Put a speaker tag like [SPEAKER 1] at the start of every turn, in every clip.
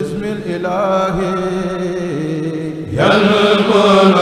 [SPEAKER 1] بسم الإله يلقنا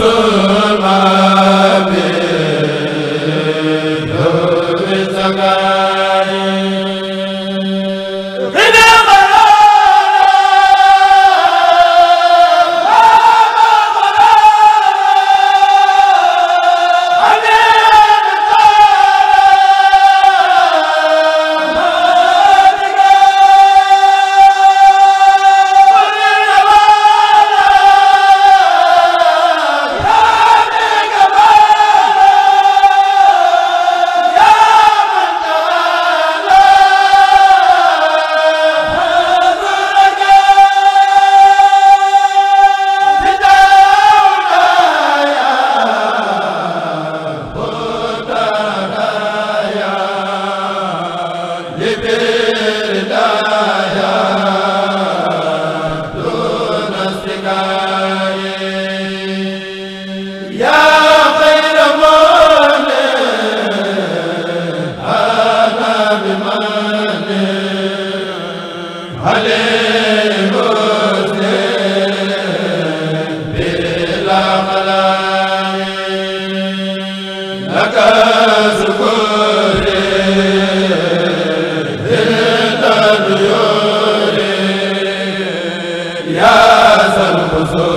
[SPEAKER 1] rasul يا ذا الحسن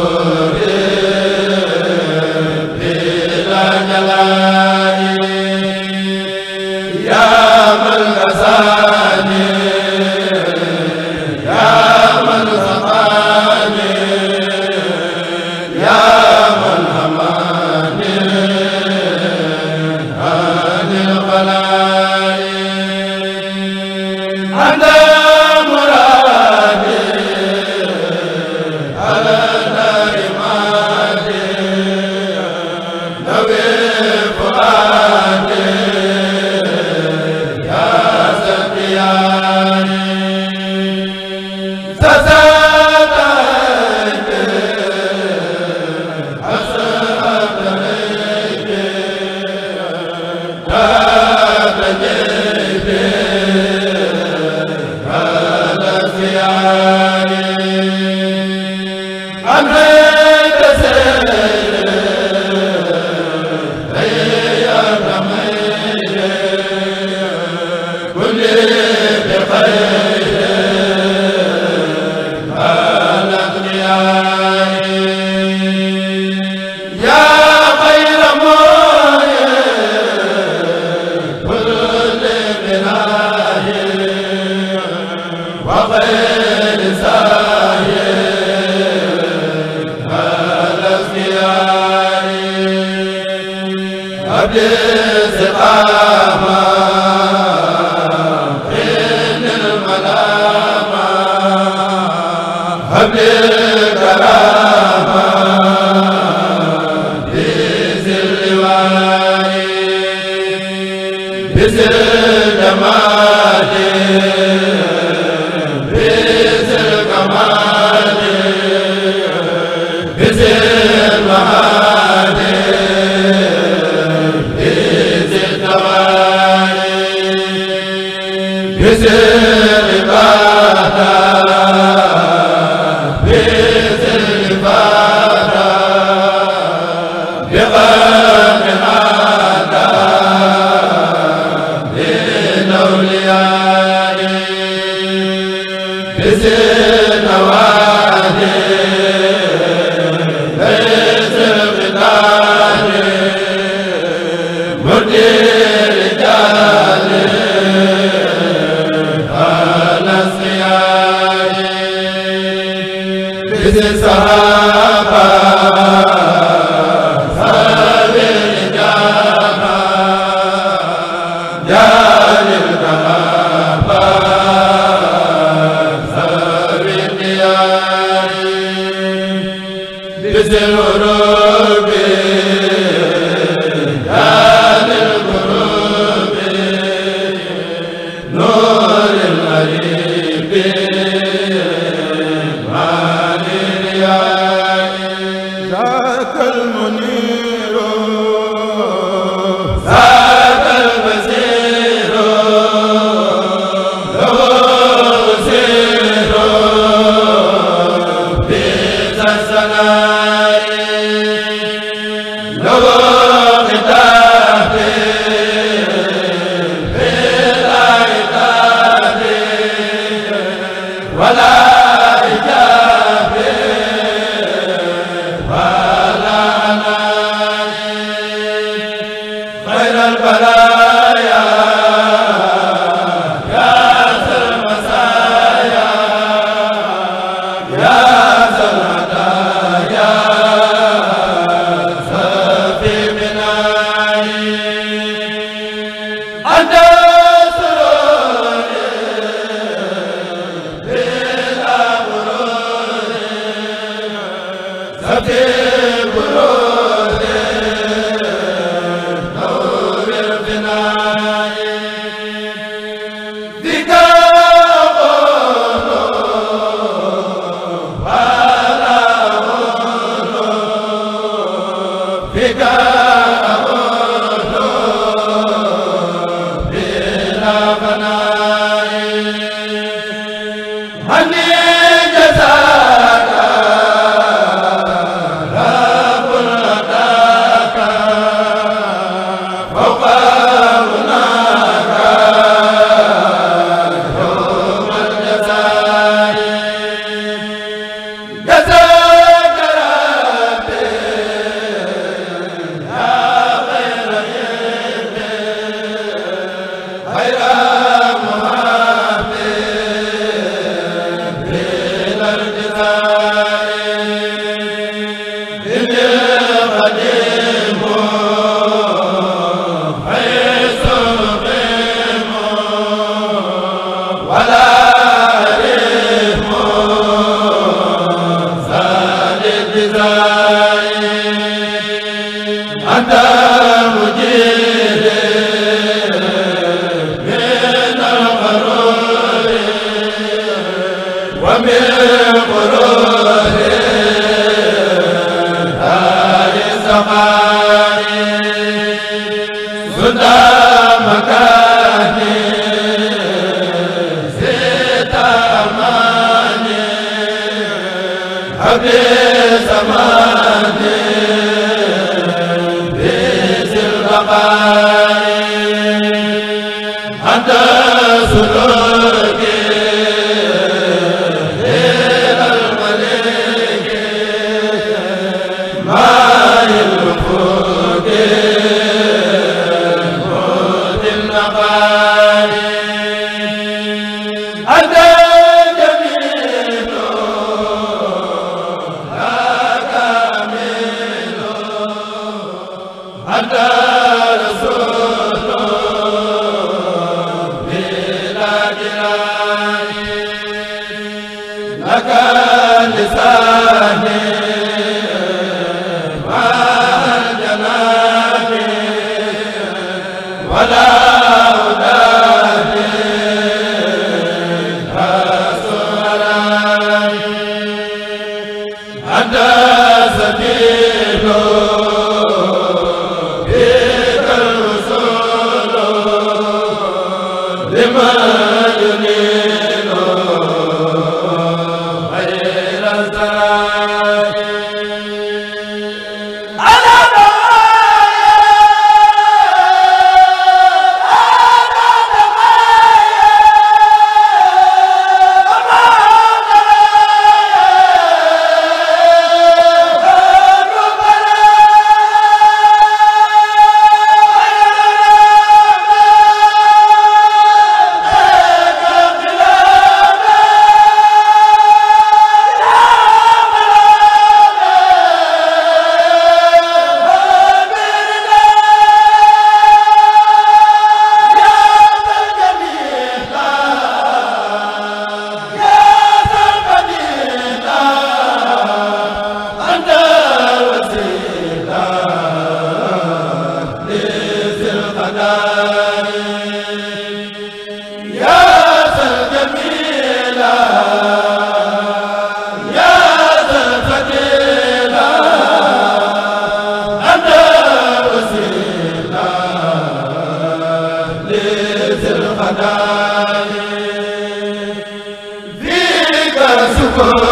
[SPEAKER 1] ko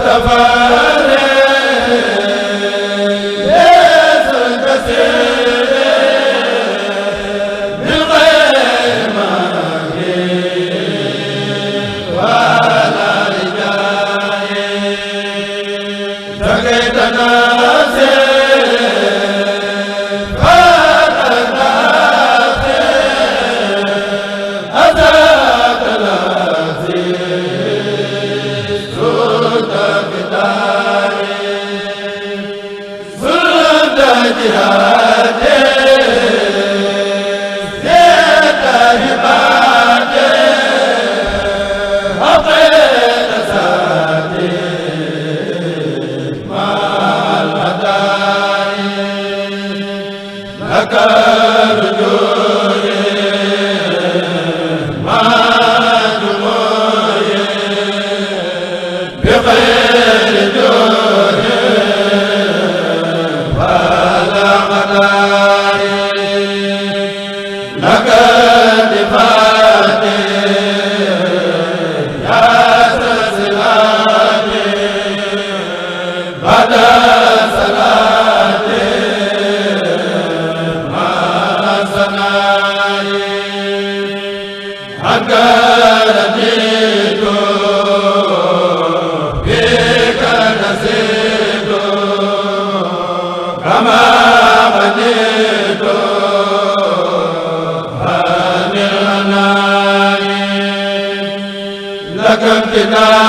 [SPEAKER 2] tabtafa
[SPEAKER 1] biha ila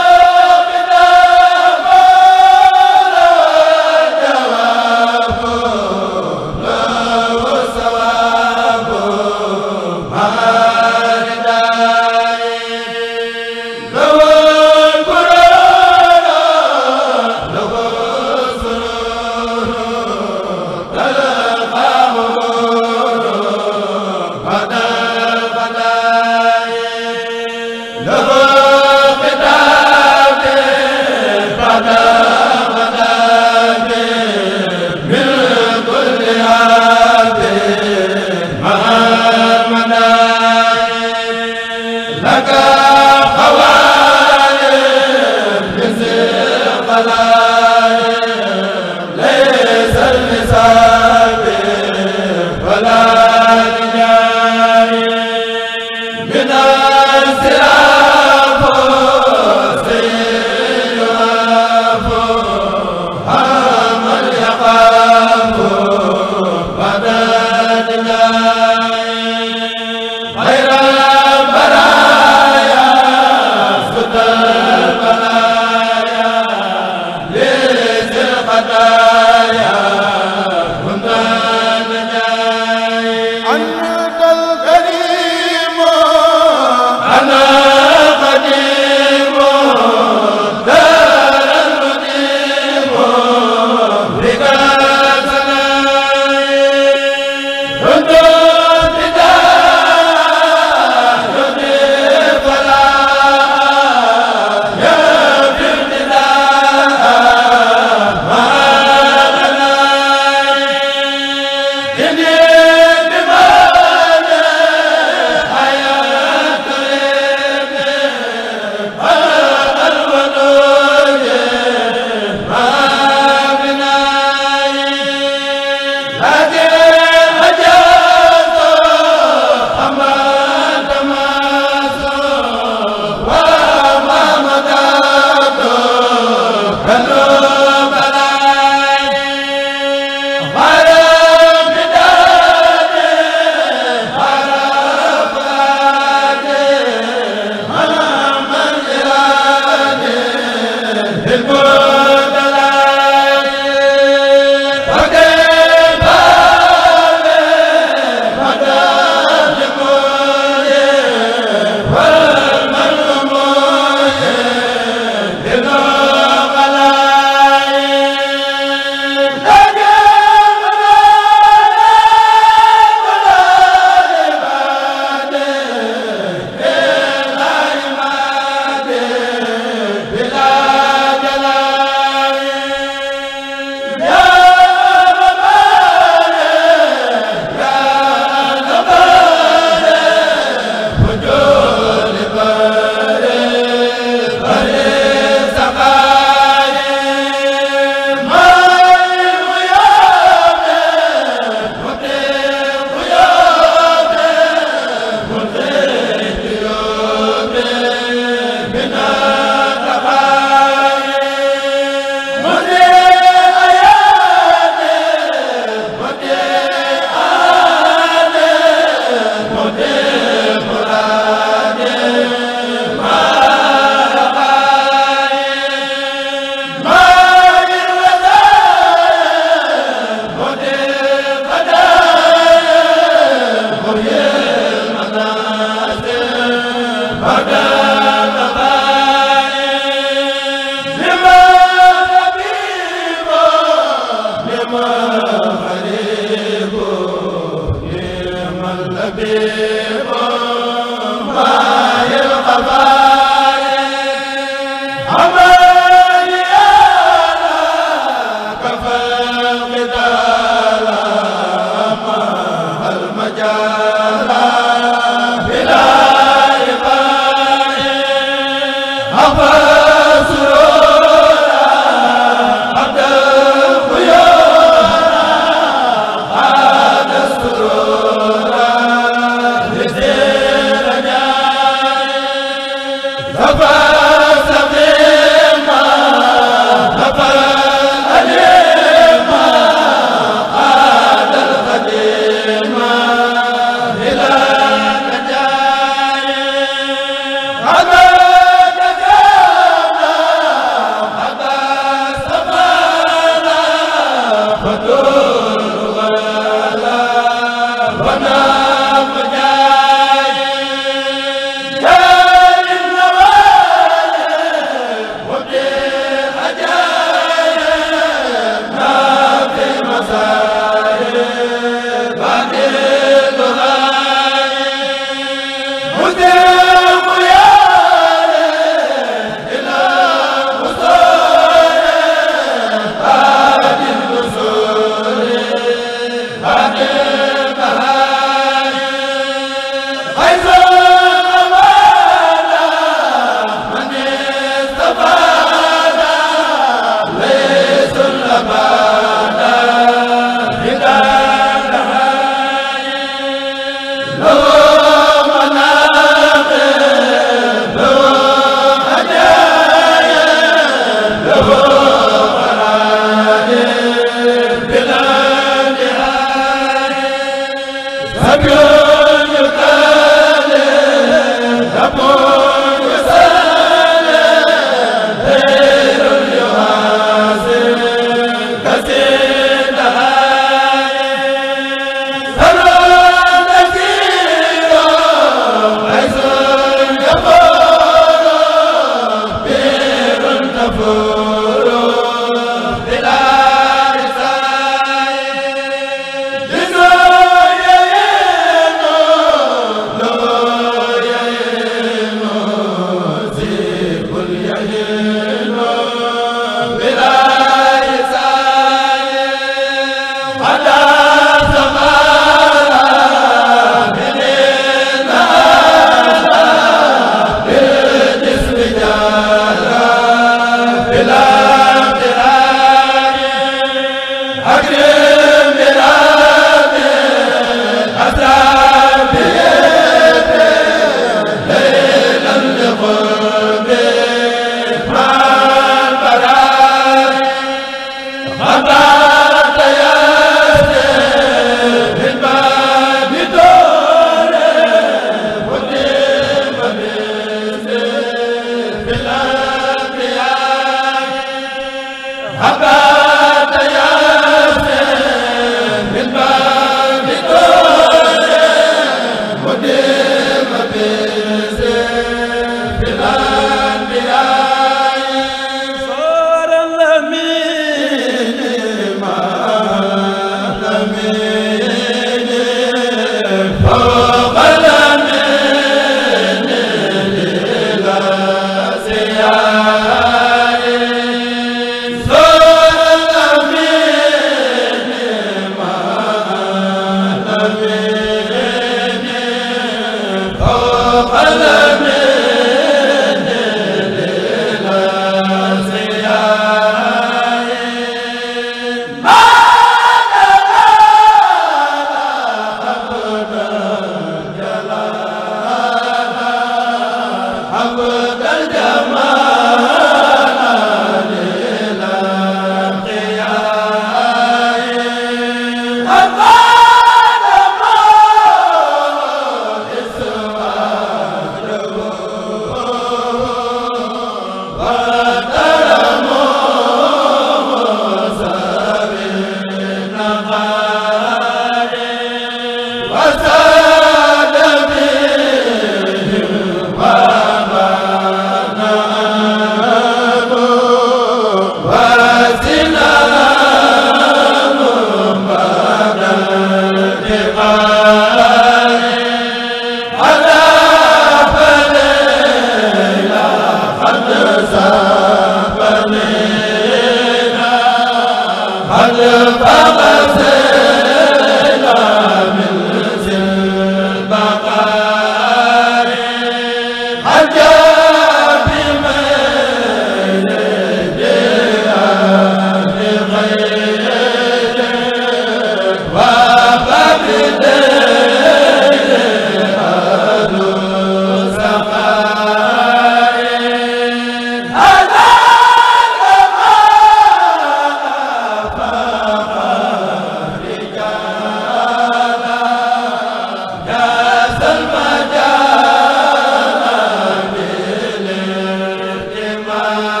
[SPEAKER 1] ma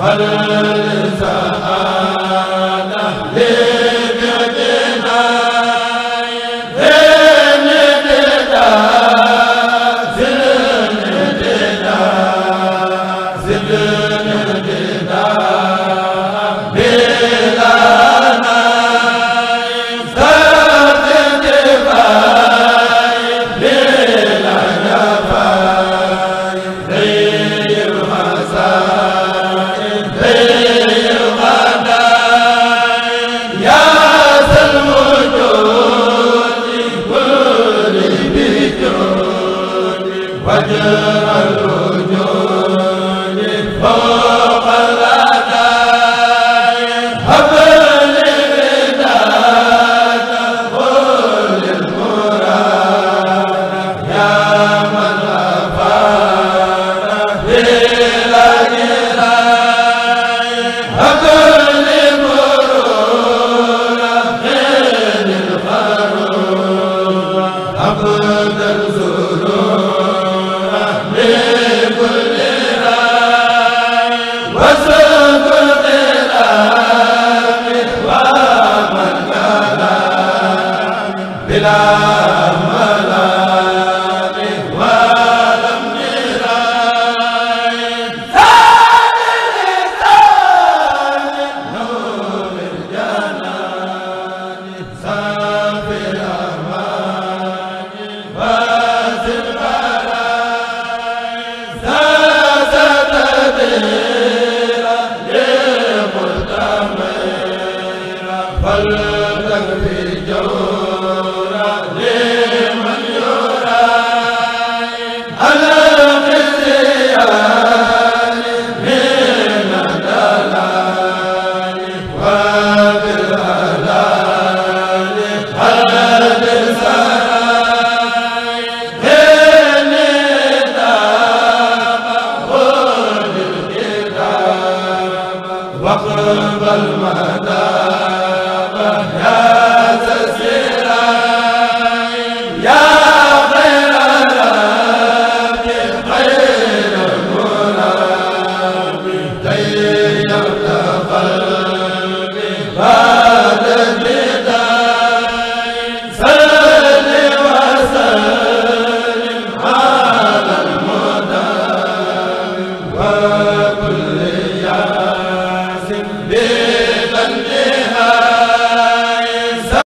[SPEAKER 1] hal sa